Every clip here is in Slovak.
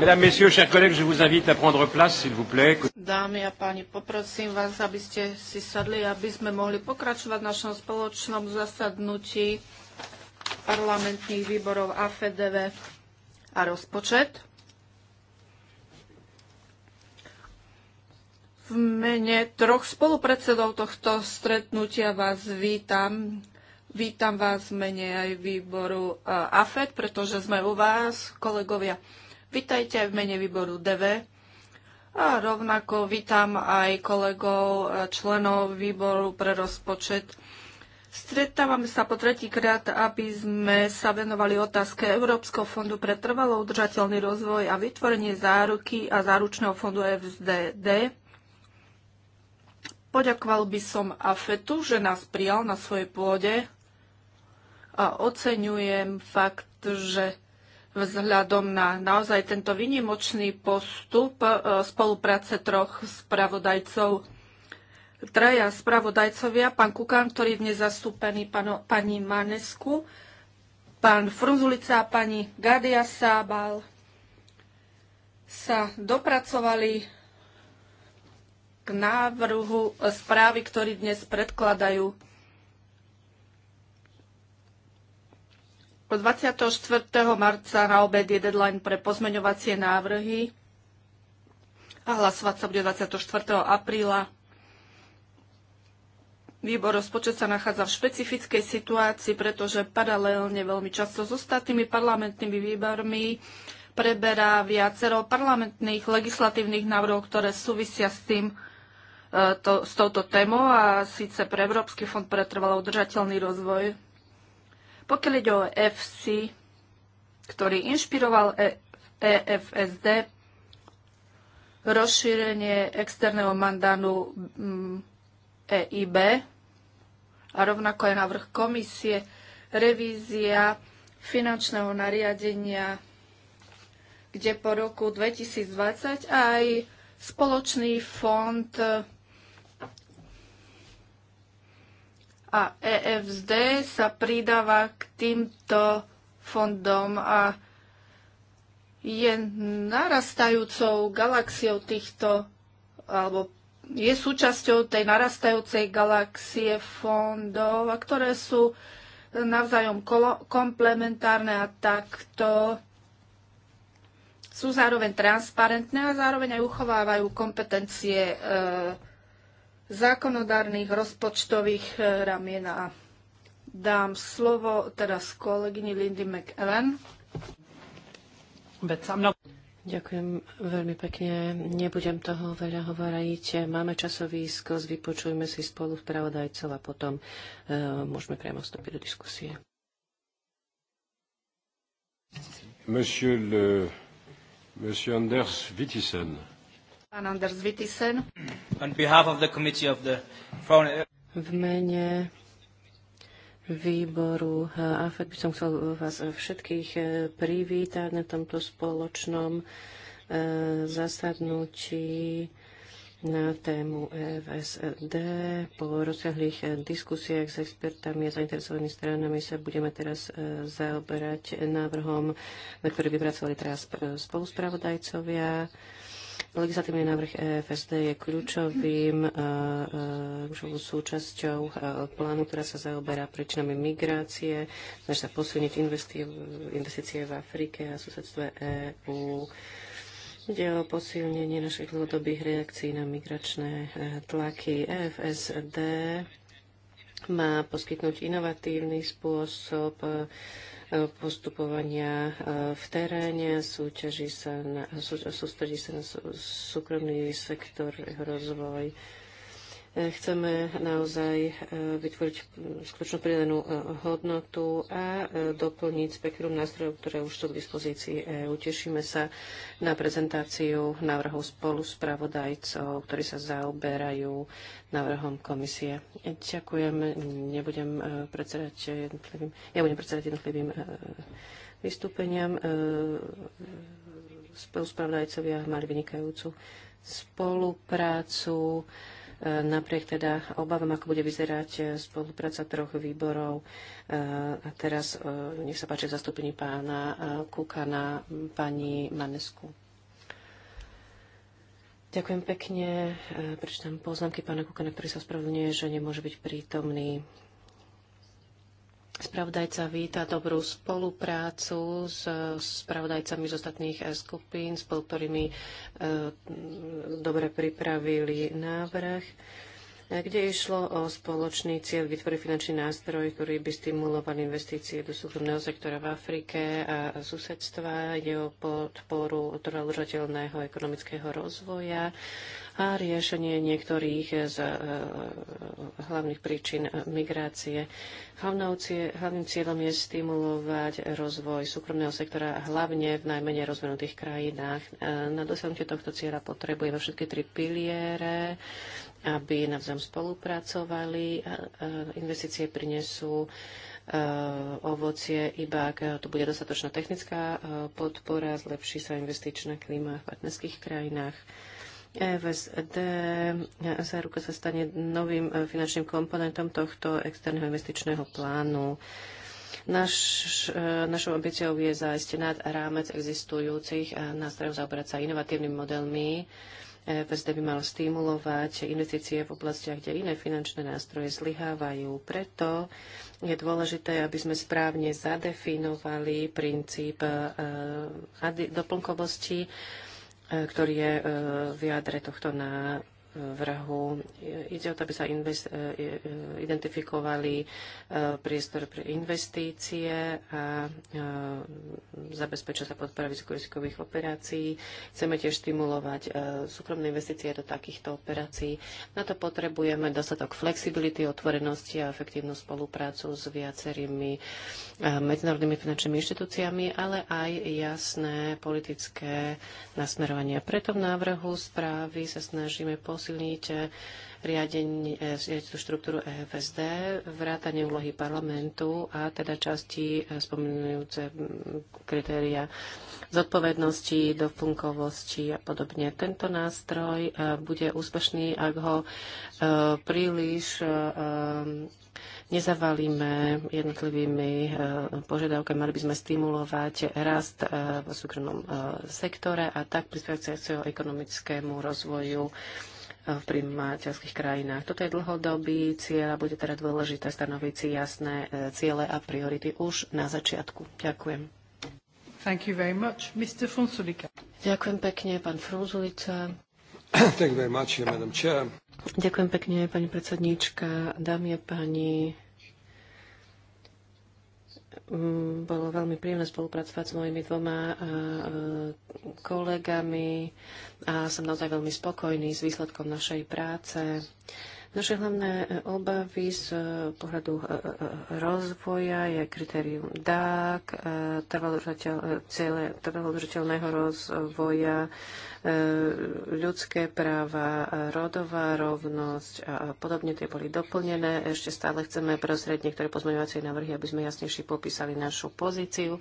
Mesdames, Messieurs, chers collègues, je vous invite à prendre place, s'il vous plaît. Dámy a páni, poprosím vás, aby ste si sadli, aby sme mohli pokračovať v našom spoločnom zasadnutí parlamentných výborov AFDV a rozpočet. V mene troch spolupredsedov tohto stretnutia vás vítam. Vítam vás v mene aj výboru eh, AFED, pretože sme u vás, kolegovia. Vítajte aj v mene výboru DV. A rovnako vítam aj kolegov, e, členov výboru pre rozpočet. Stretávame sa po tretíkrát, aby sme sa venovali otázke Európskeho fondu pre trvalo udržateľný rozvoj a vytvorenie záruky a záručného fondu FSDD. Poďakoval by som AFETu, že nás prijal na svojej pôde a oceňujem fakt, že vzhľadom na naozaj tento vynimočný postup e, spolupráce troch spravodajcov. Traja spravodajcovia, pán Kukan, ktorý je dnes zastúpený pano, pani Manesku, pán Frunzulica a pani Gadia Sábal sa dopracovali k návrhu správy, ktorý dnes predkladajú 24. marca na obed je deadline pre pozmeňovacie návrhy a hlasovať sa bude 24. apríla. Výbor rozpočet sa nachádza v špecifickej situácii, pretože paralelne veľmi často s ostatnými parlamentnými výbormi preberá viacero parlamentných legislatívnych návrhov, ktoré súvisia s tým, e, to, s touto témou a síce pre Európsky fond pre trvalo udržateľný rozvoj pokiaľ ide o FC, ktorý inšpiroval EFSD, e rozšírenie externého mandánu mm, EIB a rovnako aj návrh komisie, revízia finančného nariadenia, kde po roku 2020 aj spoločný fond a EFSD sa pridáva k týmto fondom a je narastajúcou galaxiou týchto, alebo je súčasťou tej narastajúcej galaxie fondov, a ktoré sú navzájom komplementárne a takto sú zároveň transparentné a zároveň aj uchovávajú kompetencie e, zákonodárnych rozpočtových e, ramien a dám slovo teraz kolegyni Lindy McEllen. Ďakujem veľmi pekne. Nebudem toho veľa hovoriť. Máme časový skos, vypočujme si spolu spravodajcov a potom uh, môžeme priamo vstúpiť do diskusie. Monsieur, le, monsieur Anders Wittisen. Pán Anders Wittisen. V mene výboru eh, AFED by som chcel vás všetkých eh, privítať na tomto spoločnom eh, zasadnutí na tému EFSD. Po rozsiahlých diskusiách s expertami a zainteresovanými stranami sa budeme teraz zaoberať návrhom, na ktorý vypracovali teraz spoluspravodajcovia. Legislatívny návrh EFSD je kľúčovým, e, e, súčasťou e, plánu, ktorá sa zaoberá príčinami migrácie, snaží sa posilniť investície v Afrike a susedstve EÚ. Ide o posilnenie našich dlhodobých reakcií na migračné tlaky. EFSD má poskytnúť inovatívny spôsob postupovania e, v teréne, súťaží sa na, sústredí sa na súkromný sektor, jeho rozvoj, Chceme naozaj e, vytvoriť skutočnú pridanú e, hodnotu a e, doplniť spektrum nástrojov, ktoré už sú k dispozícii EU. Tešíme sa na prezentáciu návrhov spolu pravodajcov, ktorí sa zaoberajú návrhom komisie. Ďakujem, nebudem predsedať jednotlivým, ja budem predsedať jednotlivým vystúpeniam. Spolu pravodajcovia mali vynikajúcu spoluprácu. E, napriek teda obávam, ako bude vyzerať e, spolupráca troch výborov. E, a teraz nech sa páči zastúpení pána na pani Manesku. Ďakujem pekne. Prečítam poznámky pána Kukana, ktorý sa ospravedlňuje, že nemôže byť prítomný. Spravodajca víta dobrú spoluprácu s spravodajcami z ostatných eh, skupín, spolu ktorými eh, dobre pripravili návrh kde išlo o spoločný cieľ vytvoriť finančný nástroj, ktorý by stimuloval investície do súkromného sektora v Afrike a susedstva. Ide o podporu trvalodržateľného ekonomického rozvoja a riešenie niektorých z e, hlavných príčin migrácie. Hlavným cieľom je stimulovať rozvoj súkromného sektora, hlavne v najmenej rozvinutých krajinách. E, na dosiahnutie tohto cieľa potrebujeme všetky tri piliere aby navzájom spolupracovali. Investície prinesú e, ovocie, iba ak tu bude dostatočná technická e, podpora, zlepší sa investičná klíma v partnerských krajinách. EVSD e, záruka sa stane novým finančným komponentom tohto externého investičného plánu. Naš, našou ambíciou je zájsť nad rámec existujúcich nástrojov, zaoberať sa inovatívnymi modelmi, EFSD by mal stimulovať investície v oblastiach, kde iné finančné nástroje zlyhávajú. Preto je dôležité, aby sme správne zadefinovali princíp e, doplnkovosti, e, ktorý je e, v jadre tohto na vrhu. Ide o to, aby sa e, e, identifikovali e, priestor pre investície a zabezpečia sa podpora vysokoriskových operácií. Chceme tiež stimulovať súkromné investície do takýchto operácií. Na to potrebujeme dostatok flexibility, otvorenosti a efektívnu spoluprácu s viacerými medzinárodnými finančnými inštitúciami, ale aj jasné politické nasmerovania. Preto v návrhu správy sa snažíme posunúť posilniť eh, riadenie, eh, tú štruktúru EFSD, vrátanie úlohy parlamentu a teda časti eh, spomínajúce mm, kritéria zodpovednosti, doplnkovosti a podobne. Tento nástroj bude úspešný, ak ho príliš nezavalíme jednotlivými požiadavkami. Mali by sme stimulovať rast v súkromnom sektore a tak prispievať k ekonomickému rozvoju v príjmateľských krajinách. Toto je dlhodobý cieľ a bude teda dôležité stanoviť si jasné e, ciele a priority už na začiatku. Ďakujem. Thank you very much. Mr. Frunzulica. Ďakujem pekne, pán Frunzulica. Thank you very much, Madam Chair. Ďakujem pekne, pani predsedníčka, dámy a páni. Mm, bolo veľmi príjemné spolupracovať s mojimi dvoma e, kolegami a som naozaj veľmi spokojný s výsledkom našej práce. Naše hlavné e, obavy z e, pohľadu e, rozvoja je kritérium DAC, ciele trvalodržateľného rozvoja, ľudské práva, rodová rovnosť a podobne tie boli doplnené. Ešte stále chceme prosrieť niektoré pozmeňovacie návrhy, aby sme jasnejšie popísali našu pozíciu.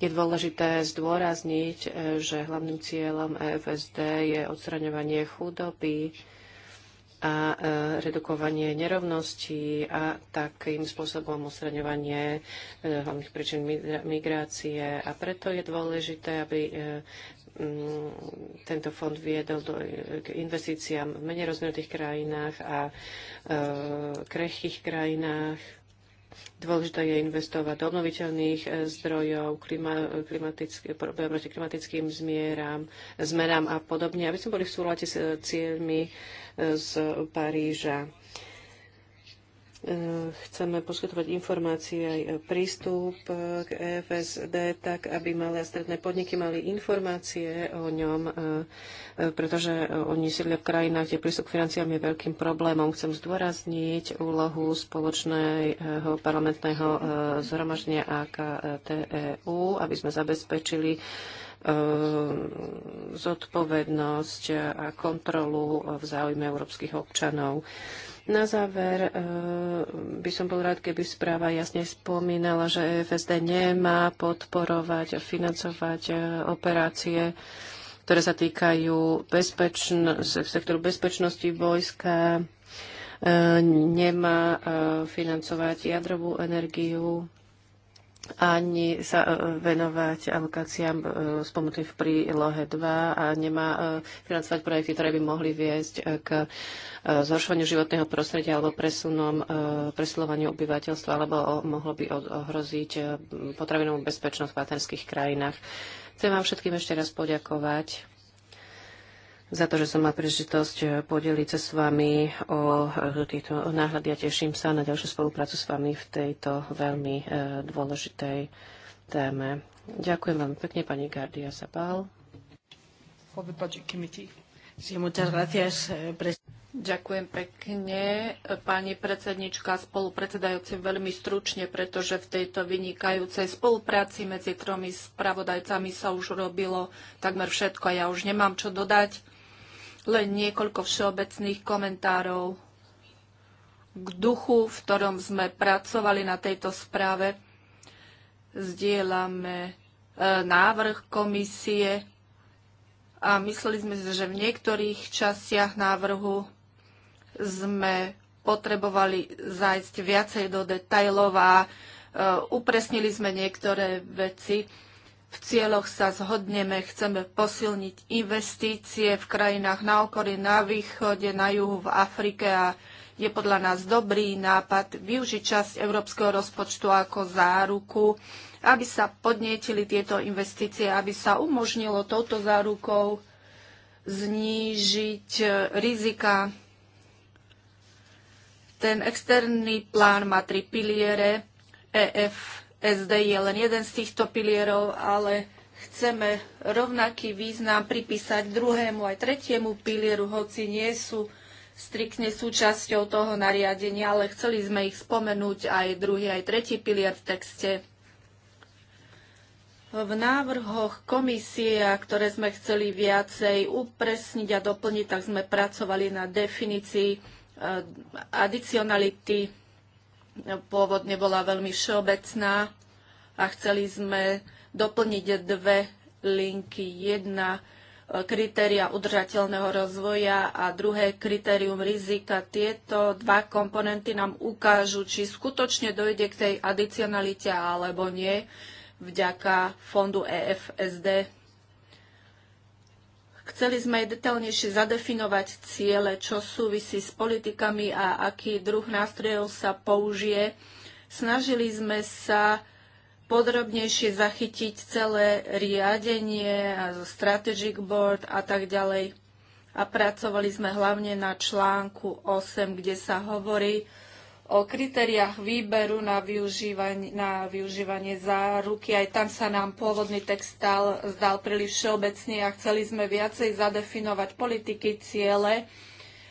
Je dôležité zdôrazniť, že hlavným cieľom EFSD je odstraňovanie chudoby, a e, redukovanie nerovností a takým spôsobom usraňovanie e, hlavných príčin migrácie. A preto je dôležité, aby e, mm, tento fond viedol do, k investíciám v menej rozvinutých krajinách a e, krehkých krajinách Dôležité je investovať do obnoviteľných eh, zdrojov, klima, proti klimatickým zmieram, zmenám a podobne, aby sme boli v súlade s eh, cieľmi eh, z Paríža chceme poskytovať informácie aj prístup k EFSD tak, aby malé a stredné podniky mali informácie o ňom, e, pretože oni sídlia v krajinách, kde prístup k financiám je veľkým problémom. Chcem zdôrazniť úlohu spoločného parlamentného e, zhromaždenia AKTEU, aby sme zabezpečili E, zodpovednosť a kontrolu v záujme európskych občanov. Na záver e, by som bol rád, keby správa jasne spomínala, že e FSD nemá podporovať a financovať operácie, ktoré sa týkajú bezpečn- sektoru bezpečnosti vojska, nemá financovať jadrovú energiu ani sa e, venovať alokáciám e, spomenutým v prílohe 2 a nemá e, financovať projekty, ktoré by mohli viesť k zhoršovaniu životného prostredia alebo presunom, presilovaniu obyvateľstva, alebo mohlo by ohroziť potravinovú bezpečnosť v partnerských krajinách. Chcem vám všetkým ešte raz poďakovať za to, že som mal príležitosť eh, podeliť sa s vami o eh, týchto náhľady a ja teším sa na ďalšiu spoluprácu s vami v tejto veľmi eh, dôležitej téme. Ďakujem veľmi pekne, pani Gardia Sabal. Ďakujem pekne, pani predsednička, spolupredsedajúci veľmi stručne, pretože v tejto vynikajúcej spolupráci medzi tromi spravodajcami sa už robilo takmer všetko a ja už nemám čo dodať. Len niekoľko všeobecných komentárov k duchu, v ktorom sme pracovali na tejto správe. Zdieľame e, návrh komisie a mysleli sme si, že v niektorých častiach návrhu sme potrebovali zájsť viacej do detajlov a e, upresnili sme niektoré veci v cieľoch sa zhodneme, chceme posilniť investície v krajinách na okolí, na východe, na juhu, v Afrike a je podľa nás dobrý nápad využiť časť európskeho rozpočtu ako záruku, aby sa podnietili tieto investície, aby sa umožnilo touto zárukou znížiť e, rizika. Ten externý plán má tri piliere EF SD je len jeden z týchto pilierov, ale chceme rovnaký význam pripísať druhému aj tretiemu pilieru, hoci nie sú striktne súčasťou toho nariadenia, ale chceli sme ich spomenúť aj druhý, aj tretí pilier v texte. V návrhoch komisie, ktoré sme chceli viacej upresniť a doplniť, tak sme pracovali na definícii eh, adicionality pôvodne bola veľmi všeobecná a chceli sme doplniť dve linky. Jedna e, kritéria udržateľného rozvoja a druhé kritérium rizika. Tieto dva komponenty nám ukážu, či skutočne dojde k tej adicionalite alebo nie vďaka fondu EFSD. Chceli sme aj detaľnejšie zadefinovať ciele, čo súvisí s politikami a aký druh nástrojov sa použije. Snažili sme sa podrobnejšie zachytiť celé riadenie, strategic board a tak ďalej. A pracovali sme hlavne na článku 8, kde sa hovorí o kritériách výberu na využívanie, na využívanie záruky. Aj tam sa nám pôvodný text stal, zdal príliš všeobecný a chceli sme viacej zadefinovať politiky, ciele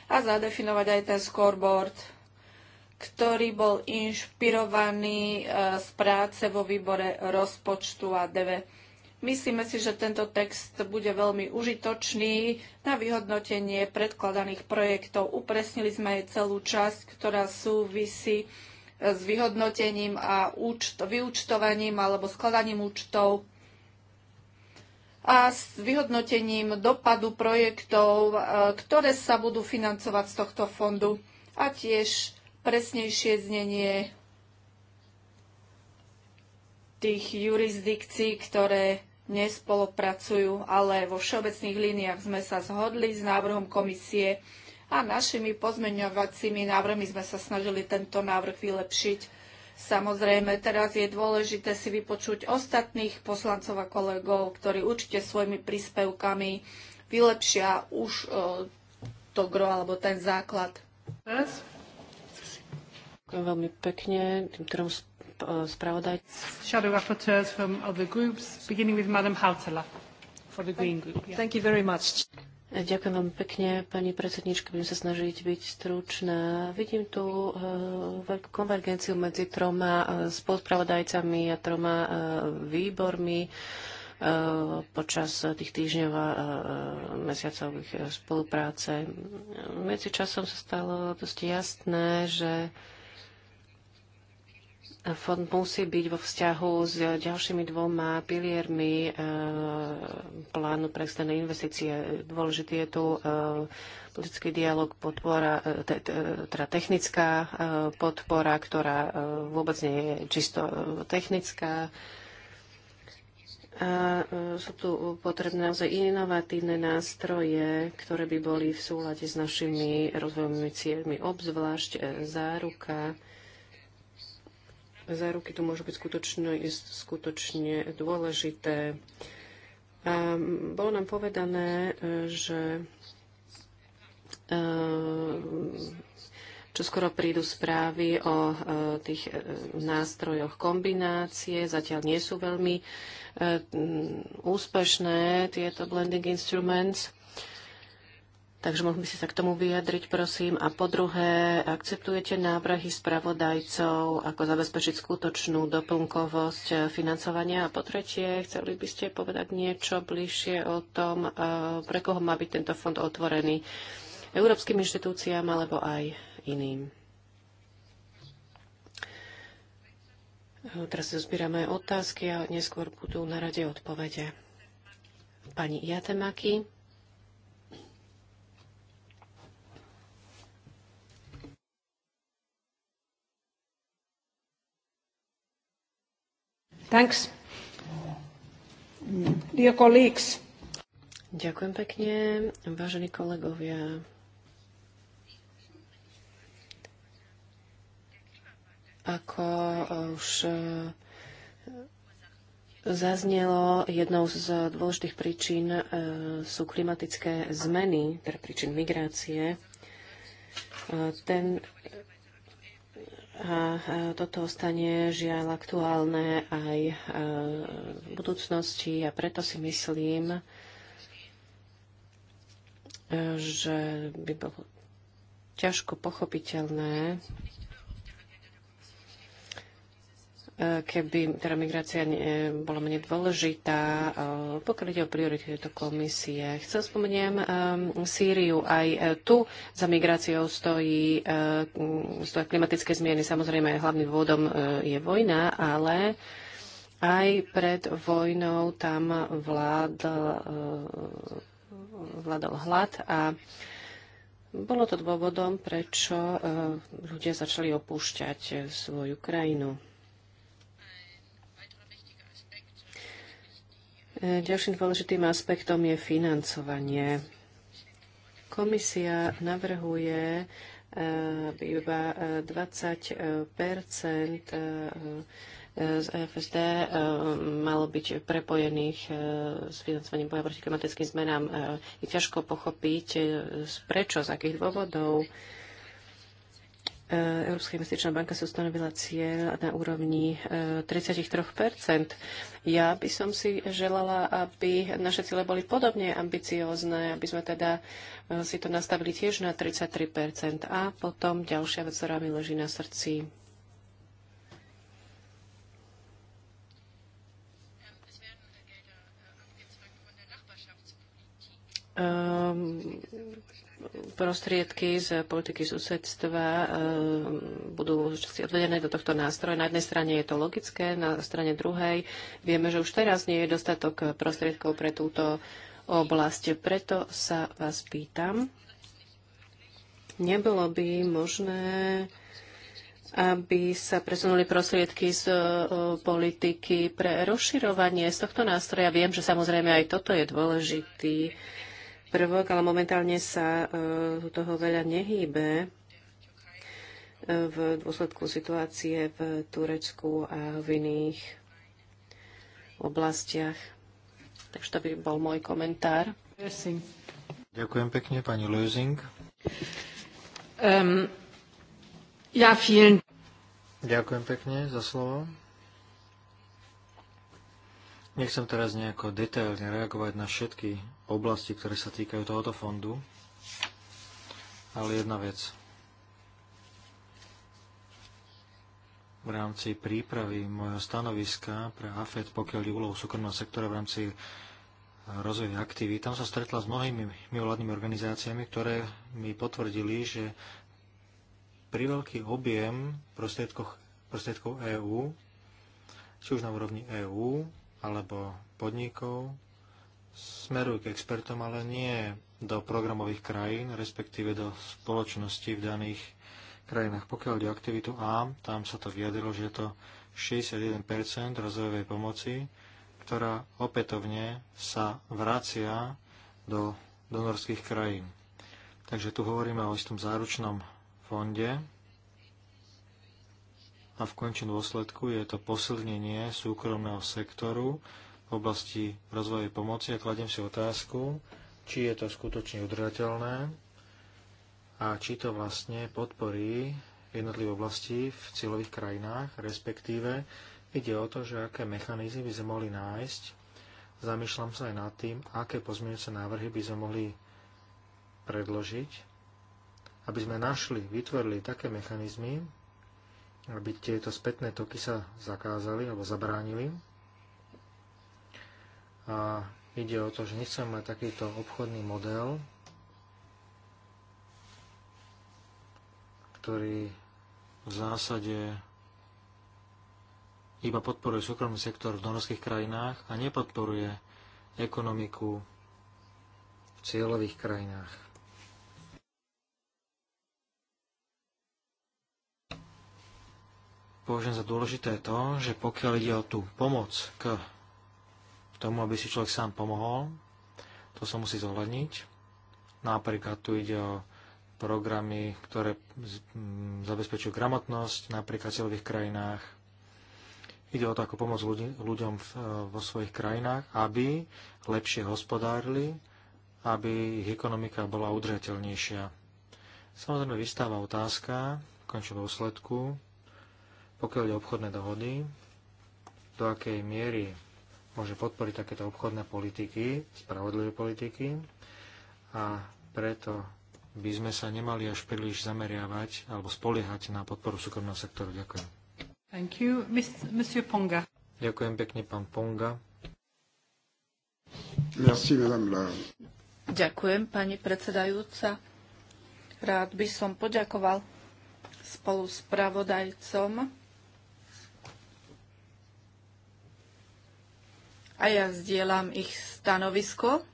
a zadefinovať aj ten scoreboard, ktorý bol inšpirovaný e, z práce vo výbore rozpočtu a DVP. Myslíme si, že tento text bude veľmi užitočný na vyhodnotenie predkladaných projektov. Upresnili sme aj celú časť, ktorá súvisí e, s vyhodnotením a účt, vyúčtovaním alebo skladaním účtov a s vyhodnotením dopadu projektov, e, ktoré sa budú financovať z tohto fondu a tiež presnejšie znenie tých jurisdikcií, ktoré nespolupracujú, ale vo všeobecných líniách sme sa zhodli s návrhom komisie a našimi pozmeňovacími návrhmi sme sa snažili tento návrh vylepšiť. Samozrejme, teraz je dôležité si vypočuť ostatných poslancov a kolegov, ktorí určite svojimi príspevkami vylepšia už e, to gro alebo ten základ. Ďakujem veľmi pekne tým ktorým Eh, Shadow rapporteurs from other groups, beginning with Madam Hautala for the Green Group. Yeah. Thank you very much. Eh, ďakujem vám pekne, pani predsednička. Budem sa snažiť byť stručná. Vidím tu uh, veľkú konvergenciu medzi troma uh, spolspravodajcami a troma uh, výbormi počas tých týždňov a mesiacov ich spolupráce. Medzi časom sa stalo dosť jasné, že Fond musí byť vo vzťahu s ďalšími dvoma piliermi e, plánu pre externé investície. Dôležitý je tu e, politický dialog, podpora, e, teda technická podpora, ktorá vôbec nie je čisto technická. A sú tu potrebné naozaj inovatívne nástroje, ktoré by boli v súlade s našimi rozvojovými cieľmi, obzvlášť záruka záruky tu môžu byť skutočne, skutočne dôležité. A bolo nám povedané, e, že e, čo skoro prídu správy o e, tých nástrojoch kombinácie. Zatiaľ nie sú veľmi úspešné tieto blending instruments. Takže mohli by ste sa k tomu vyjadriť, prosím. A po druhé, akceptujete návrhy spravodajcov, ako zabezpečiť skutočnú doplnkovosť eh, financovania? A po tretie, chceli by ste povedať niečo bližšie o tom, eh, pre koho má byť tento fond otvorený? Európskym inštitúciám alebo aj iným? Teraz zbierame otázky a neskôr budú na rade odpovede. Pani Iatemaki. Thanks. Dear colleagues. Ďakujem pekne, vážení kolegovia. Ako už e, zaznelo, jednou z dôležitých príčin e, sú klimatické zmeny, teda príčin migrácie. E, ten a toto ostane žiaľ aktuálne aj e, v budúcnosti a preto si myslím, e, že by bolo ťažko pochopiteľné keby teda migrácia ne, bola menej dôležitá, eh, pokiaľ ide o priority tejto komisie. Chcem spomeniem um, Sýriu. Aj eh, tu za migráciou stojí, um, stojí klimatické zmieny. Samozrejme, hlavným dôvodom um, je vojna, ale aj pred vojnou tam vládl, vládol hlad a bolo to dôvodom, prečo ľudia začali opúšťať svoju krajinu. Ďalším dôležitým aspektom je financovanie. Komisia navrhuje eh, iba 20 eh, eh, z e FSD malo byť prepojených s financovaním boja proti klimatickým zmenám. Je ťažko pochopiť, prečo, z akých dôvodov Eh, Európska investičná banka sa stanovila cieľ na úrovni 33 eh, Ja by som si želala, aby naše ciele boli podobne ambiciózne, aby sme teda eh, si to nastavili tiež na 33 A potom ďalšia vec, ktorá mi leží na srdci, ehm, prostriedky z politiky susedstva eh, budú odvedené do tohto nástroja. Na jednej strane je to logické, na strane druhej vieme, že už teraz nie je dostatok prostriedkov pre túto oblasť. Preto sa vás pýtam, nebolo by možné aby sa presunuli prostriedky z eh, politiky pre rozširovanie z tohto nástroja. Viem, že samozrejme aj toto je dôležitý prvok, ale momentálne sa e, toho veľa nehýbe e, v dôsledku situácie v Turecku a v iných oblastiach. Takže to by bol môj komentár. Ďakujem pekne, pani Lösing. Um, ehm, ja, vielen. Ďakujem pekne za slovo. Nechcem teraz nejako detailne reagovať na všetky oblasti, ktoré sa týkajú tohoto fondu, ale jedna vec. V rámci prípravy mojho stanoviska pre AFED, pokiaľ je úlohu súkromného sektora v rámci rozvoja aktivít. Tam sa stretla s mnohými mimovládnymi organizáciami, ktoré mi potvrdili, že pri veľký objem prostriedkov EÚ, či už na úrovni EÚ, alebo podnikov smerujú k expertom, ale nie do programových krajín, respektíve do spoločnosti v daných krajinách. Pokiaľ ide aktivitu A, tam sa to vyjadrilo, že je to 61 rozvojovej pomoci, ktorá opätovne sa vracia do donorských krajín. Takže tu hovoríme o istom záručnom fonde, a v končnom dôsledku je to posilnenie súkromného sektoru v oblasti rozvoje pomoci a kladiem si otázku, či je to skutočne udržateľné a či to vlastne podporí jednotlivé oblasti v cieľových krajinách, respektíve ide o to, že aké mechanizmy by sme mohli nájsť. Zamýšľam sa aj nad tým, aké pozmeňujúce návrhy by sme mohli predložiť, aby sme našli, vytvorili také mechanizmy, aby tieto spätné toky sa zakázali alebo zabránili. A ide o to, že nechcem mať takýto obchodný model, ktorý v zásade iba podporuje súkromný sektor v donorských krajinách a nepodporuje ekonomiku v cieľových krajinách. považujem za dôležité to, že pokiaľ ide o tú pomoc k tomu, aby si človek sám pomohol, to sa musí zohľadniť. Napríklad tu ide o programy, ktoré zabezpečujú gramotnosť napríklad v cieľových krajinách. Ide o to, ako pomôcť ľuďom e, vo svojich krajinách, aby lepšie hospodárili, aby ich ekonomika bola udržateľnejšia. Samozrejme vystáva otázka, v končnom dôsledku, pokiaľ je obchodné dohody, do akej miery môže podporiť takéto obchodné politiky, spravodlivé politiky a preto by sme sa nemali až príliš zameriavať alebo spoliehať na podporu súkromného sektoru. Ďakujem. Thank you. Miss, Ponga. Ďakujem pekne, pán Ponga. Merci, Ďakujem, pani predsedajúca. Rád by som poďakoval spolu s pravodajcom a ja vzdielam ich stanovisko.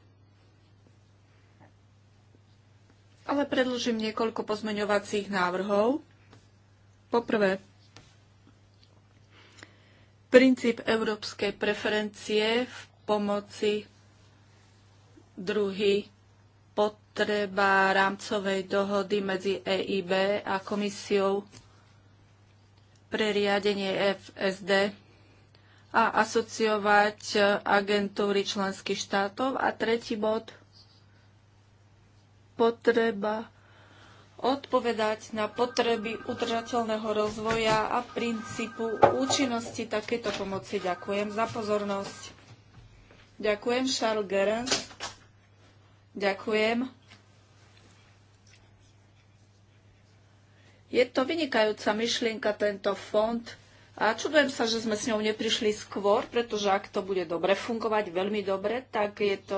ale predlžím niekoľko pozmeňovacích návrhov. Poprvé, princíp európskej preferencie v pomoci druhy potreba rámcovej dohody medzi EIB a komisiou pre riadenie FSD a asociovať e, agentúry členských štátov. A tretí bod, potreba odpovedať na potreby udržateľného rozvoja a princípu účinnosti takéto pomoci. Ďakujem za pozornosť. Ďakujem, Charles Gerens. Ďakujem. Je to vynikajúca myšlienka, tento fond a čudujem sa, že sme s ňou neprišli skôr, pretože ak to bude dobre fungovať, veľmi dobre, tak je to,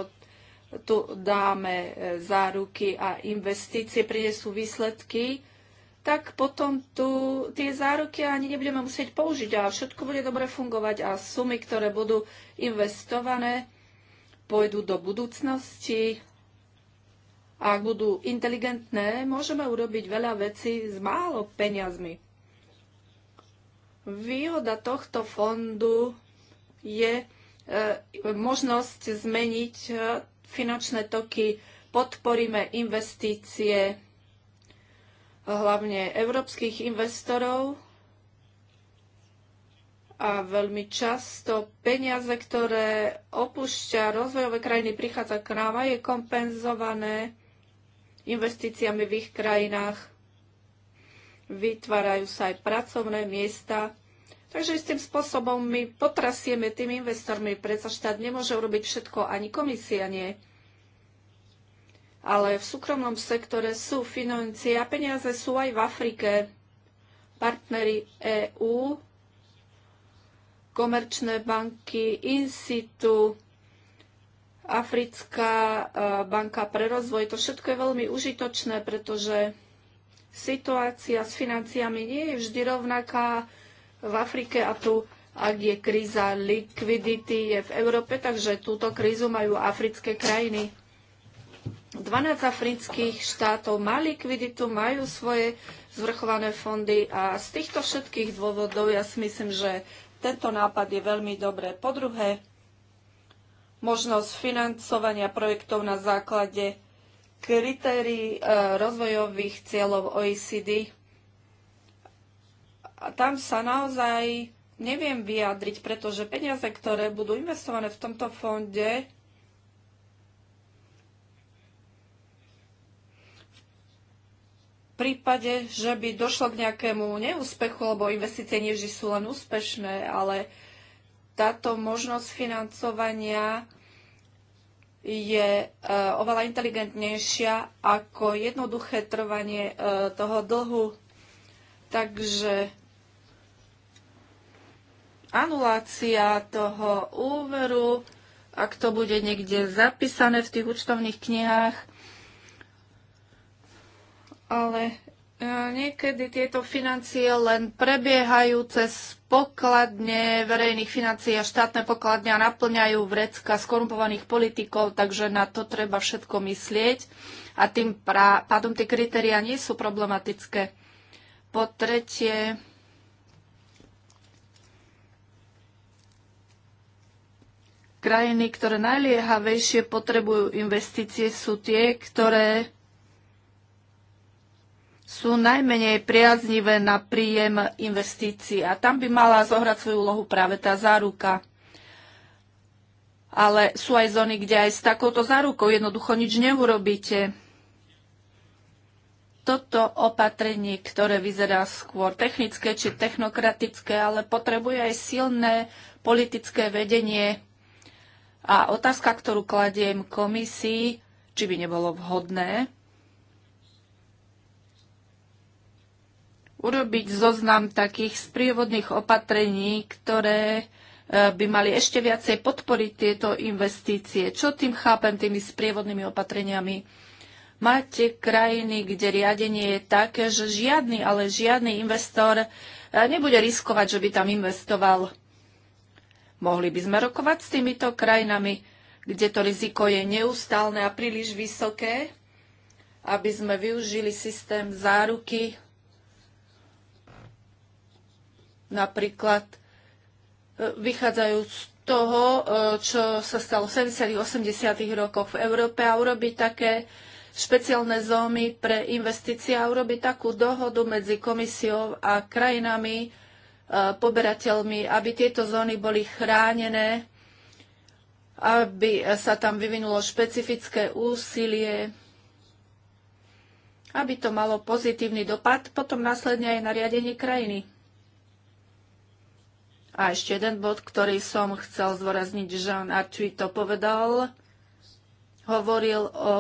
tu dáme e, záruky a investície, prinesú výsledky, tak potom tu tie záruky ani nebudeme musieť použiť a všetko bude dobre fungovať a sumy, ktoré budú investované, pôjdu do budúcnosti. A ak budú inteligentné, môžeme urobiť veľa vecí s málo peniazmi. Výhoda tohto fondu je e, možnosť zmeniť e, finančné toky, podporíme investície e, hlavne európskych investorov a veľmi často peniaze, ktoré opúšťa rozvojové krajiny, prichádza k nám a je kompenzované investíciami v ich krajinách vytvárajú sa aj pracovné miesta. Takže istým spôsobom my potrasieme tým investormi, predsa štát nemôže urobiť všetko, ani komisia nie. Ale v súkromnom sektore sú financie a peniaze sú aj v Afrike. Partnery EÚ, komerčné banky, insitu, Africká e, banka pre rozvoj. To všetko je veľmi užitočné, pretože Situácia s financiami nie je vždy rovnaká v Afrike a tu, ak je kríza likvidity, je v Európe, takže túto krízu majú africké krajiny. 12 afrických štátov má likviditu, majú svoje zvrchované fondy a z týchto všetkých dôvodov ja si myslím, že tento nápad je veľmi dobré. Po druhé, možnosť financovania projektov na základe kritérií e, rozvojových cieľov OECD. A tam sa naozaj neviem vyjadriť, pretože peniaze, ktoré budú investované v tomto fonde, V prípade, že by došlo k nejakému neúspechu, lebo investície nie vždy sú len úspešné, ale táto možnosť financovania je e, oveľa inteligentnejšia ako jednoduché trvanie e, toho dlhu. Takže anulácia toho úveru, ak to bude niekde zapísané v tých účtovných knihách, ale E, niekedy tieto financie len prebiehajú cez pokladne verejných financií a štátne pokladne a naplňajú vrecka skorumpovaných politikov, takže na to treba všetko myslieť a tým pádom tie kritéria nie sú problematické. Po tretie, krajiny, ktoré najliehavejšie potrebujú investície, sú tie, ktoré sú najmenej priaznivé na príjem investícií. A tam by mala zohrať svoju úlohu práve tá záruka. Ale sú aj zóny, kde aj s takouto zárukou jednoducho nič neurobíte. Toto opatrenie, ktoré vyzerá skôr technické či technokratické, ale potrebuje aj silné politické vedenie. A otázka, ktorú kladiem komisii, či by nebolo vhodné, urobiť zoznam takých sprievodných opatrení, ktoré e, by mali ešte viacej podporiť tieto investície. Čo tým chápem tými sprievodnými opatreniami? Máte krajiny, kde riadenie je také, že žiadny, ale žiadny investor e, nebude riskovať, že by tam investoval. Mohli by sme rokovať s týmito krajinami, kde to riziko je neustálne a príliš vysoké, aby sme využili systém záruky napríklad e, vychádzajú z toho, e, čo sa stalo v 70. -tych, 80. rokoch v Európe a urobiť také špeciálne zóny pre investície a urobiť takú dohodu medzi komisiou a krajinami, e, poberateľmi, aby tieto zóny boli chránené, aby sa tam vyvinulo špecifické úsilie, aby to malo pozitívny dopad, potom následne aj na riadenie krajiny. A ešte jeden bod, ktorý som chcel zdôrazniť, Jean Arthuis to povedal, hovoril o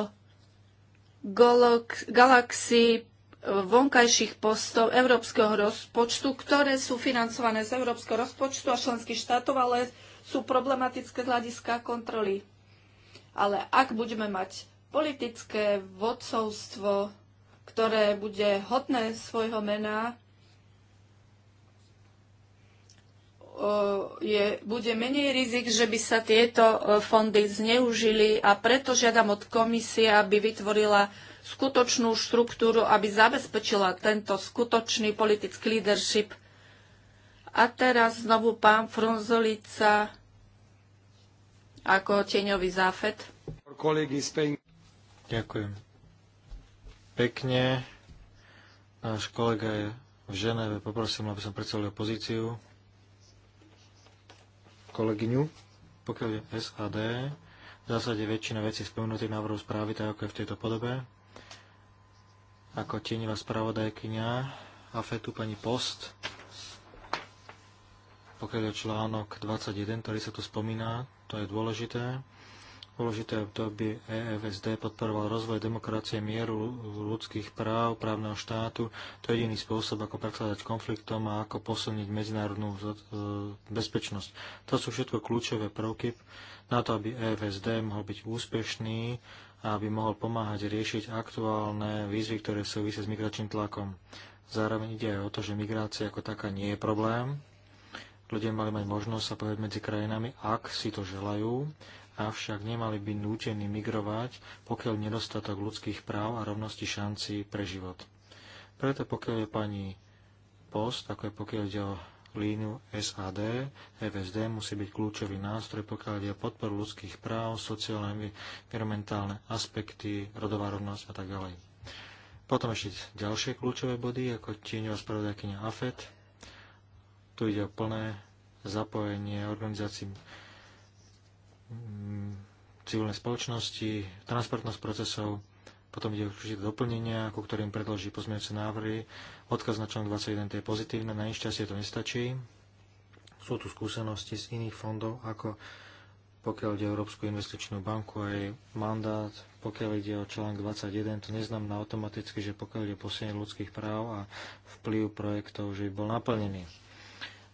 galaxii vonkajších postov európskeho rozpočtu, ktoré sú financované z európskeho rozpočtu a členských štátov, ale sú problematické z hľadiska kontroly. Ale ak budeme mať politické vodcovstvo, ktoré bude hodné svojho mena, je, bude menej rizik, že by sa tieto e, fondy zneužili a preto žiadam od komisie, aby vytvorila skutočnú štruktúru, aby zabezpečila tento skutočný politický leadership. A teraz znovu pán Frunzolica ako tieňový záfet. Ďakujem. Pekne. Náš kolega je v Ženeve. Poprosím, aby som predstavil pozíciu kolegyňu, pokiaľ je SAD, v zásade väčšina vecí spomenutých návrhu správy, tak ako je v tejto podobe. Ako tieňová a fetu pani Post, pokiaľ je článok 21, ktorý sa tu spomína, to je dôležité dôležité obdobie EFSD podporoval rozvoj demokracie, mieru ľudských práv, právneho štátu. To je jediný spôsob, ako prekladať konfliktom a ako posilniť medzinárodnú e, bezpečnosť. To sú všetko kľúčové prvky na to, aby EFSD mohol byť úspešný a aby mohol pomáhať riešiť aktuálne výzvy, ktoré súvisia s migračným tlakom. Zároveň ide aj o to, že migrácia ako taká nie je problém. Ľudia mali mať možnosť sa povedať medzi krajinami, ak si to želajú avšak nemali byť nútení migrovať, pokiaľ nedostatok ľudských práv a rovnosti šancí pre život. Preto pokiaľ je pani post, ako je pokiaľ ide o líniu SAD, FSD e musí byť kľúčový nástroj, pokiaľ ide o podporu ľudských práv, sociálne, environmentálne aspekty, rodová rovnosť a tak ďalej. Potom ešte ďalšie kľúčové body, ako tieňová spravodajkynia AFET. Tu ide o plné zapojenie organizácií Mm, civilnej spoločnosti, transparentnosť procesov, potom ide určite doplnenia, ku ktorým predloží pozmeňujúce návrhy. Odkaz na článok 21 to je pozitívne, na nešťastie to nestačí. Sú tu skúsenosti z iných fondov, ako pokiaľ ide o Európsku investičnú banku a jej mandát, pokiaľ ide o článok 21, to neznamená automaticky, že pokiaľ ide o posilnenie ľudských práv a vplyv projektov, že by bol naplnený.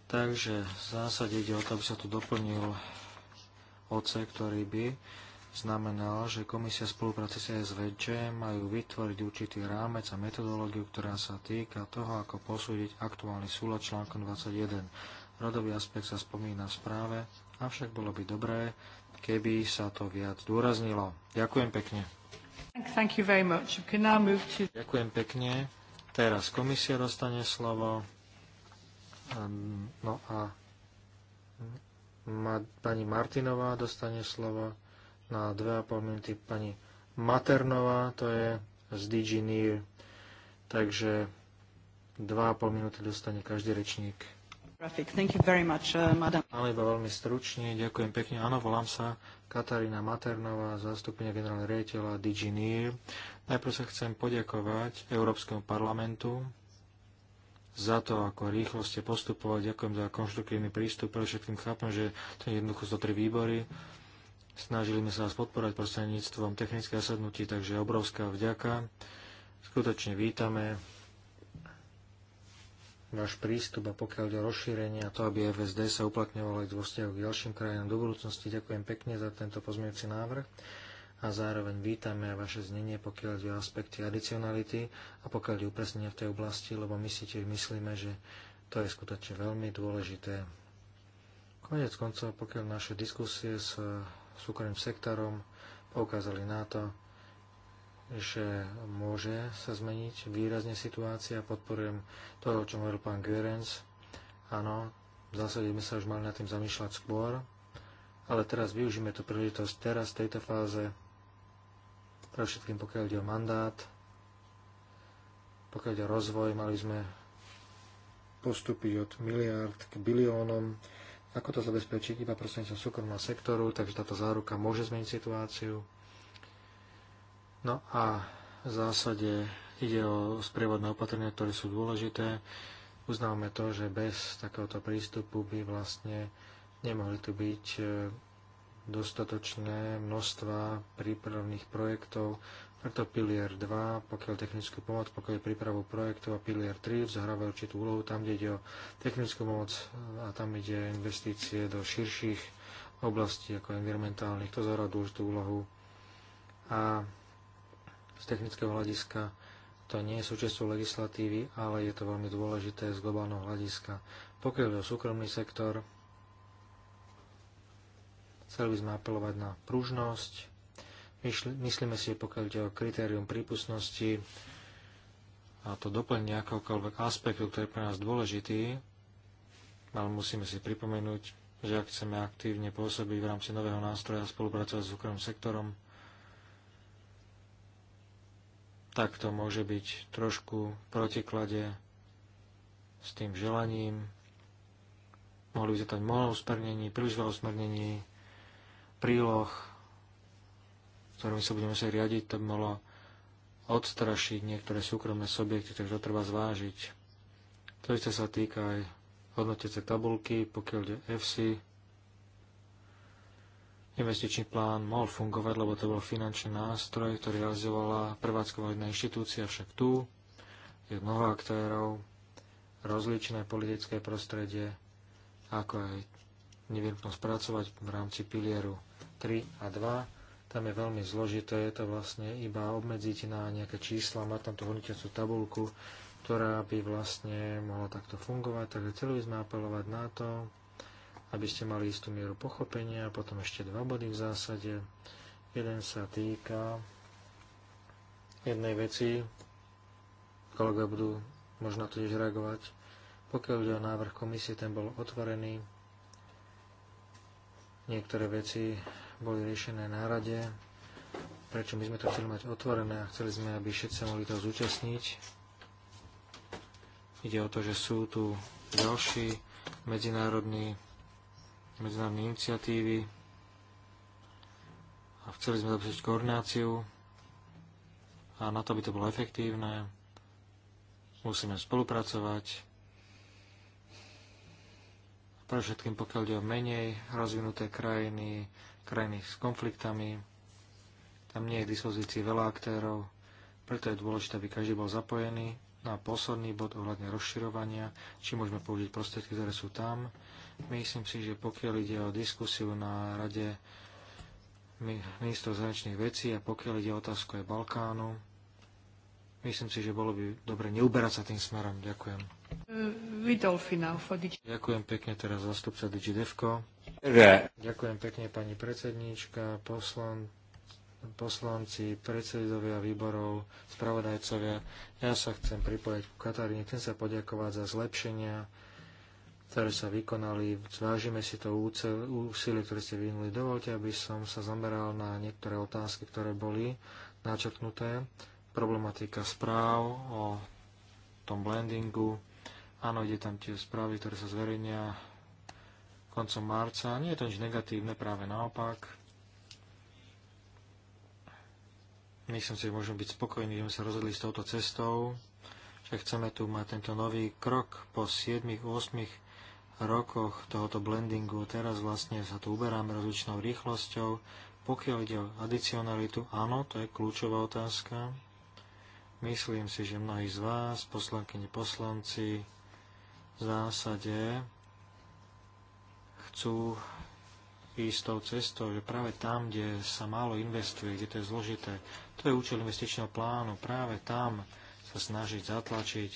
Takže v zásade ide o to, aby sa tu doplnil odsek, ktorý by znamenal, že Komisia spolupráce s SVČ majú vytvoriť určitý rámec a metodológiu, ktorá sa týka toho, ako posúdiť aktuálny súľad článkom 21. Rodový aspekt sa spomína v správe, avšak bolo by dobré, keby sa to viac dôraznilo. Ďakujem pekne. To... Ďakujem pekne. Teraz komisia dostane slovo. Ehm, no a Pani Martinová dostane slovo na 2,5 minúty. Pani Maternová, to je z Diginir. Takže 2,5 minúty dostane každý rečník. Much, uh, Ale iba veľmi stručne, ďakujem pekne. Áno, volám sa Katarína Maternová, zástupňa generálneho riaditeľa Diginir. Najprv sa chcem poďakovať Európskemu parlamentu za to, ako rýchlo ste postupovali. Ďakujem za konštruktívny prístup. Pre všetkým chápem, že to je jednoducho sú tri výbory. Snažili sme sa vás podporať prostredníctvom technické zasadnutí, takže obrovská vďaka. Skutočne vítame váš prístup a pokiaľ ide o rozšírenie a to, aby FSD sa uplatňovalo aj vo k ďalším krajinám do budúcnosti. Ďakujem pekne za tento pozmeňujúci návrh a zároveň vítame vaše znenie, pokiaľ ide o aspekty adicionality a pokiaľ ide upresnenia v tej oblasti, lebo my si tiež myslíme, že to je skutočne veľmi dôležité. Konec koncov, pokiaľ naše diskusie s súkromným sektorom poukázali na to, že môže sa zmeniť výrazne situácia. Podporujem to, o čom hovoril pán Görens. Áno, v zásade sme sa už mali nad tým zamýšľať skôr, ale teraz využíme tú príležitosť teraz v tejto fáze pre všetkým pokiaľ ide o mandát, pokiaľ ide o rozvoj, mali sme postupy od miliárd k biliónom. Ako to zabezpečiť? Iba prostredníctvom súkromného sektoru, takže táto záruka môže zmeniť situáciu. No a v zásade ide o sprievodné opatrenia, ktoré sú dôležité. Uznávame to, že bez takéhoto prístupu by vlastne nemohli tu byť e, dostatočné množstva prípravných projektov, preto pilier 2, pokiaľ technickú pomoc, pokiaľ prípravu projektov a pilier 3 zohrávajú určitú úlohu, tam, kde ide o technickú pomoc a tam ide investície do širších oblastí ako environmentálnych, to zohrá dôležitú úlohu. A z technického hľadiska to nie je súčasťou legislatívy, ale je to veľmi dôležité z globálneho hľadiska. Pokiaľ je o súkromný sektor, Chceli by sme apelovať na pružnosť. Myslíme si, pokiaľ ide o kritérium prípustnosti, a to doplň akéhokoľvek aspektu, ktorý je pre nás dôležitý, ale musíme si pripomenúť, že ak chceme aktívne pôsobiť v rámci nového nástroja a spolupracovať s súkromným sektorom, tak to môže byť trošku v protiklade s tým želaním. Mohli by sa tam mohlo usmernení, príliš veľa usmernení, príloh, ktorými sa budeme sa riadiť, to by malo odstrašiť niektoré súkromné subjekty, takže to treba zvážiť. To isté sa týka aj hodnotiace tabulky, pokiaľ ide FC. Investičný plán mohol fungovať, lebo to bol finančný nástroj, ktorý realizovala prevádzková jedna inštitúcia, však tu je mnoho aktérov, rozličné politické prostredie, ako aj nevyhnutnosť pracovať v rámci pilieru 3 a 2. Tam je veľmi zložité, je to vlastne iba obmedziť na nejaké čísla, má tam tú hodnotiacú tabulku, ktorá by vlastne mohla takto fungovať. Takže chceli by sme apelovať na to, aby ste mali istú mieru pochopenia, potom ešte dva body v zásade. Jeden sa týka jednej veci, kolega budú možno to tiež reagovať. Pokiaľ ide o návrh komisie, ten bol otvorený. Niektoré veci boli riešené na rade, prečo my sme to chceli mať otvorené a chceli sme, aby všetci sa mohli toho zúčastniť. Ide o to, že sú tu ďalší medzinárodní, medzinárodné iniciatívy a chceli sme zapísať koordináciu a na to, aby to bolo efektívne, musíme spolupracovať. Pre všetkým, pokiaľ ide o menej rozvinuté krajiny, krajiny s konfliktami. Tam nie je k dispozícii veľa aktérov, preto je dôležité, aby každý bol zapojený. No posledný bod ohľadne rozširovania, či môžeme použiť prostriedky, ktoré sú tam. Myslím si, že pokiaľ ide o diskusiu na rade ministrov zahraničných vecí a pokiaľ ide o otázku aj Balkánu, myslím si, že bolo by dobre neuberať sa tým smerom. Ďakujem. Hm, Ďakujem pekne teraz zastupca DigiDevko. Ďakujem pekne pani predsedníčka, poslan, poslanci, predsedovia výborov, spravodajcovia. Ja sa chcem pripojať ku Kataríne, chcem sa poďakovať za zlepšenia, ktoré sa vykonali. Zvážime si to úsilie, ktoré ste vyvinuli. Dovolte, aby som sa zameral na niektoré otázky, ktoré boli načrtnuté. Problematika správ o tom blendingu. Áno, ide tam tie správy, ktoré sa zverejnia koncom marca. Nie je to nič negatívne, práve naopak. Myslím si, že môžeme byť spokojní, že sme sa rozhodli s touto cestou, že chceme tu mať tento nový krok po 7-8 rokoch tohoto blendingu. Teraz vlastne sa tu uberáme rozličnou rýchlosťou. Pokiaľ ide o adicionalitu, áno, to je kľúčová otázka. Myslím si, že mnohí z vás, poslankyni, poslanci, v zásade chcú ísť tou cestou, že práve tam, kde sa málo investuje, kde to je zložité, to je účel investičného plánu, práve tam sa snažiť zatlačiť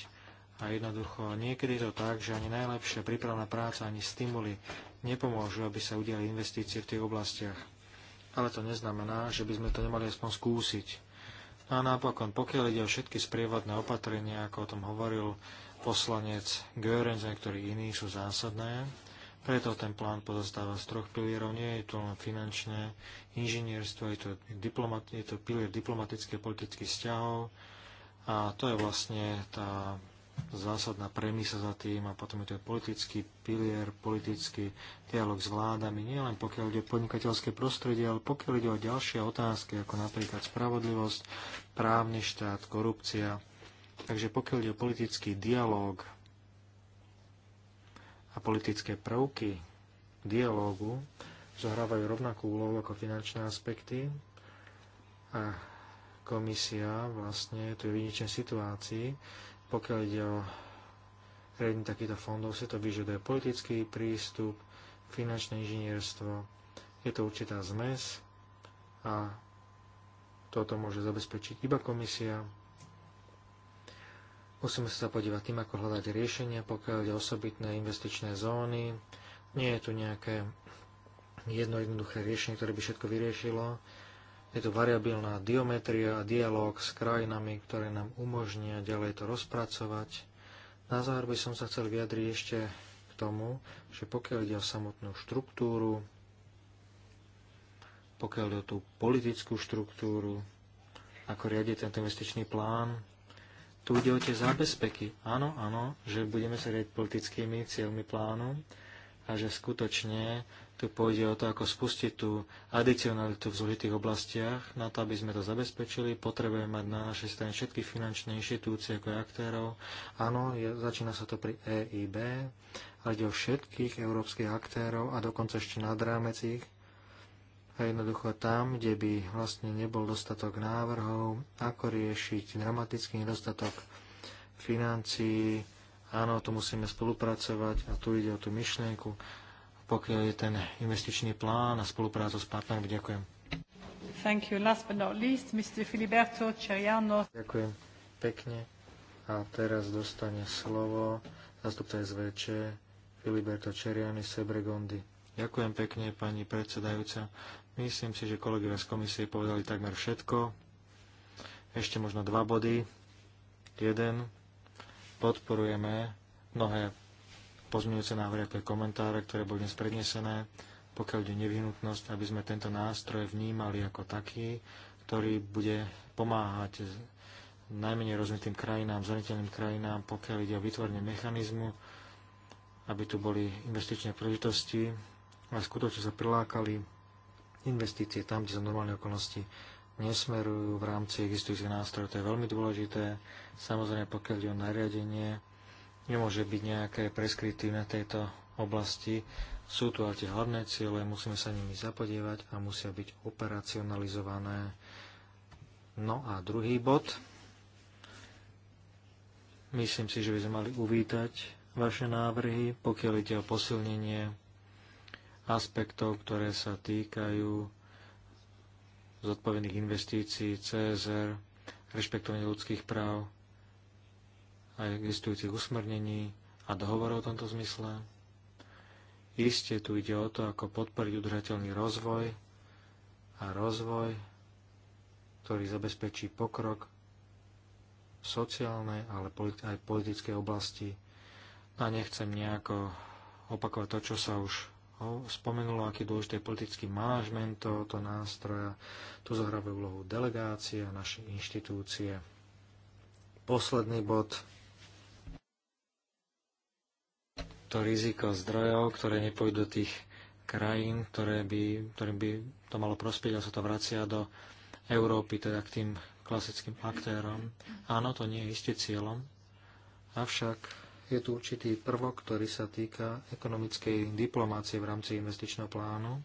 a jednoducho niekedy je to tak, že ani najlepšia prípravná práca, ani stimuly nepomôžu, aby sa udiali investície v tých oblastiach. Ale to neznamená, že by sme to nemali aspoň skúsiť. No a napokon, pokiaľ ide o všetky sprievodné opatrenia, ako o tom hovoril poslanec Görens a niektorí iní, sú zásadné, preto ten plán pozostáva z troch pilierov. Nie je to len finančné inžinierstvo, je to, diplomat, je to pilier diplomatické politických vzťahov a to je vlastne tá zásadná premisa za tým a potom je to politický pilier, politický dialog s vládami, nielen pokiaľ ide o podnikateľské prostredie, ale pokiaľ ide o ďalšie otázky, ako napríklad spravodlivosť, právny štát, korupcia. Takže pokiaľ ide o politický dialog a politické prvky dialógu zohrávajú rovnakú úlohu ako finančné aspekty a komisia vlastne tu je v situácii, pokiaľ ide o riadenie takýchto fondov, si to vyžaduje politický prístup, finančné inžinierstvo, je to určitá zmes a toto môže zabezpečiť iba komisia Musíme sa podívať tým, ako hľadať riešenia, pokiaľ ide osobitné investičné zóny. Nie je tu nejaké jedno jednoduché riešenie, ktoré by všetko vyriešilo. Je to variabilná diometria a dialog s krajinami, ktoré nám umožnia ďalej to rozpracovať. Na záver by som sa chcel vyjadriť ešte k tomu, že pokiaľ ide o samotnú štruktúru, pokiaľ ide o tú politickú štruktúru, ako riadiť tento investičný plán, tu ide o tie zabezpeky. Áno, áno, že budeme sa riadiť politickými cieľmi plánu a že skutočne tu pôjde o to, ako spustiť tú adicionalitu v zložitých oblastiach. Na to, aby sme to zabezpečili, potrebujeme mať na našej strane všetky finančné inštitúcie ako aktérov. Áno, je, začína sa to pri EIB, ale ide o všetkých európskych aktérov a dokonca ešte nad rámec ich a jednoducho tam, kde by vlastne nebol dostatok návrhov, ako riešiť dramatický nedostatok financií, áno, tu musíme spolupracovať a tu ide o tú myšlienku, pokiaľ je ten investičný plán a spoluprácu s partnermi. Ďakujem. Thank you. Last but not least, Mr. Filiberto Ceriano. Ďakujem pekne. A teraz dostane slovo zastupca SVČ Filiberto Ceriani Sebregondi. Ďakujem pekne, pani predsedajúca. Myslím si, že kolegovia z komisie povedali takmer všetko. Ešte možno dva body. Jeden, podporujeme mnohé pozmeňujúce návrhy ako komentáre, ktoré boli dnes prednesené, pokiaľ ide nevyhnutnosť, aby sme tento nástroj vnímali ako taký, ktorý bude pomáhať najmenej rozmitým krajinám, zraniteľným krajinám, pokiaľ ide o vytvorenie mechanizmu, aby tu boli investičné príležitosti a skutočne sa prilákali investície tam, kde sa normálne okolnosti nesmerujú v rámci existujúcich nástrojov. To je veľmi dôležité. Samozrejme, pokiaľ je o nariadenie, nemôže byť nejaké preskriptívne tejto oblasti. Sú tu ale tie hlavné ciele, musíme sa nimi zapodievať a musia byť operacionalizované. No a druhý bod. Myslím si, že by sme mali uvítať vaše návrhy, pokiaľ ide o posilnenie aspektov, ktoré sa týkajú zodpovedných investícií, CSR, rešpektovanie ľudských práv a existujúcich usmernení a dohovorov v tomto zmysle. Isté tu ide o to, ako podporiť udržateľný rozvoj a rozvoj, ktorý zabezpečí pokrok v sociálnej, ale aj politickej oblasti. A nechcem nejako opakovať to, čo sa už spomenulo, aký dôležitý je politický manažment tohoto nástroja. Tu zohrávajú úlohu delegácie a naše inštitúcie. Posledný bod. To riziko zdrojov, ktoré nepôjdu do tých krajín, ktoré by, ktorým by to malo prospieť a sa to vracia do Európy, teda k tým klasickým aktérom. Áno, to nie je isté cieľom, avšak je tu určitý prvok, ktorý sa týka ekonomickej diplomácie v rámci investičného plánu.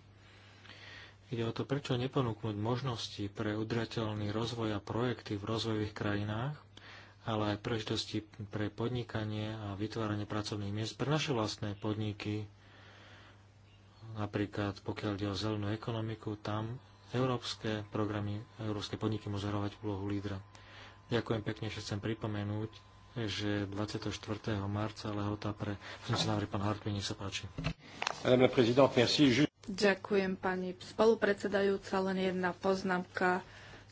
Ide o to, prečo neponúknuť možnosti pre udržateľný rozvoj a projekty v rozvojových krajinách, ale aj príležitosti pre podnikanie a vytváranie pracovných miest pre naše vlastné podniky. Napríklad, pokiaľ ide o zelenú ekonomiku, tam európske programy, európske podniky môžu hrovať úlohu lídra. Ďakujem pekne, že chcem pripomenúť, že 24. marca lehota pre sa Pán Hartvík, nech sa páči. Ďakujem, pani spolupredsedajúca. Len jedna poznámka.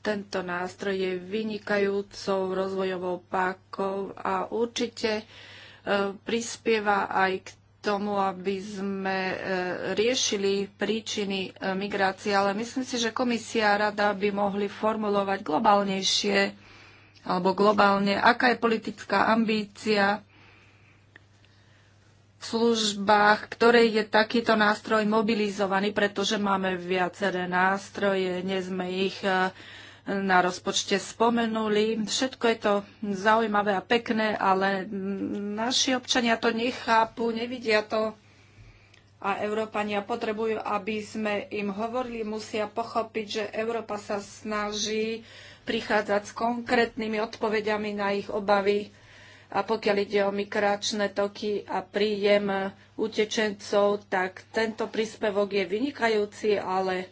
Tento nástroj je vynikajúcou rozvojovou pákou a určite e, prispieva aj k tomu, aby sme e, riešili príčiny e, migrácie, ale myslím si, že komisia a rada by mohli formulovať globálnejšie alebo globálne, aká je politická ambícia v službách, ktorej je takýto nástroj mobilizovaný, pretože máme viaceré nástroje, nie sme ich e, na rozpočte spomenuli. Všetko je to zaujímavé a pekné, ale naši občania to nechápu, nevidia to a Európania potrebujú, aby sme im hovorili, musia pochopiť, že Európa sa snaží uh, prichádzať s konkrétnymi odpovediami na ich obavy a pokiaľ ide o migračné toky a príjem utečencov, tak tento príspevok je vynikajúci, ale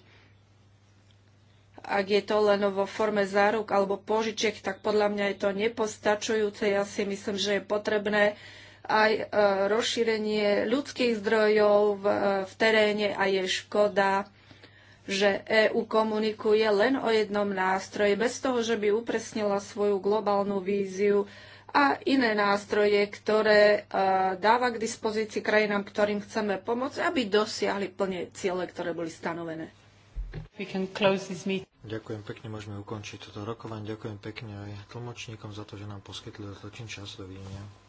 ak je to len vo forme záruk alebo požičiek, tak podľa mňa je to nepostačujúce. Ja si myslím, že je potrebné aj e, rozšírenie ľudských zdrojov e, v, teréne a je škoda, že EÚ komunikuje len o jednom nástroji, bez toho, že by upresnila svoju globálnu víziu a iné nástroje, ktoré e, dáva k dispozícii krajinám, ktorým chceme pomôcť, aby dosiahli plne ciele, ktoré boli stanovené. Ďakujem pekne, môžeme ukončiť toto rokovanie. Ďakujem pekne aj tlmočníkom za to, že nám poskytli dostatočný čas. Dovidenia.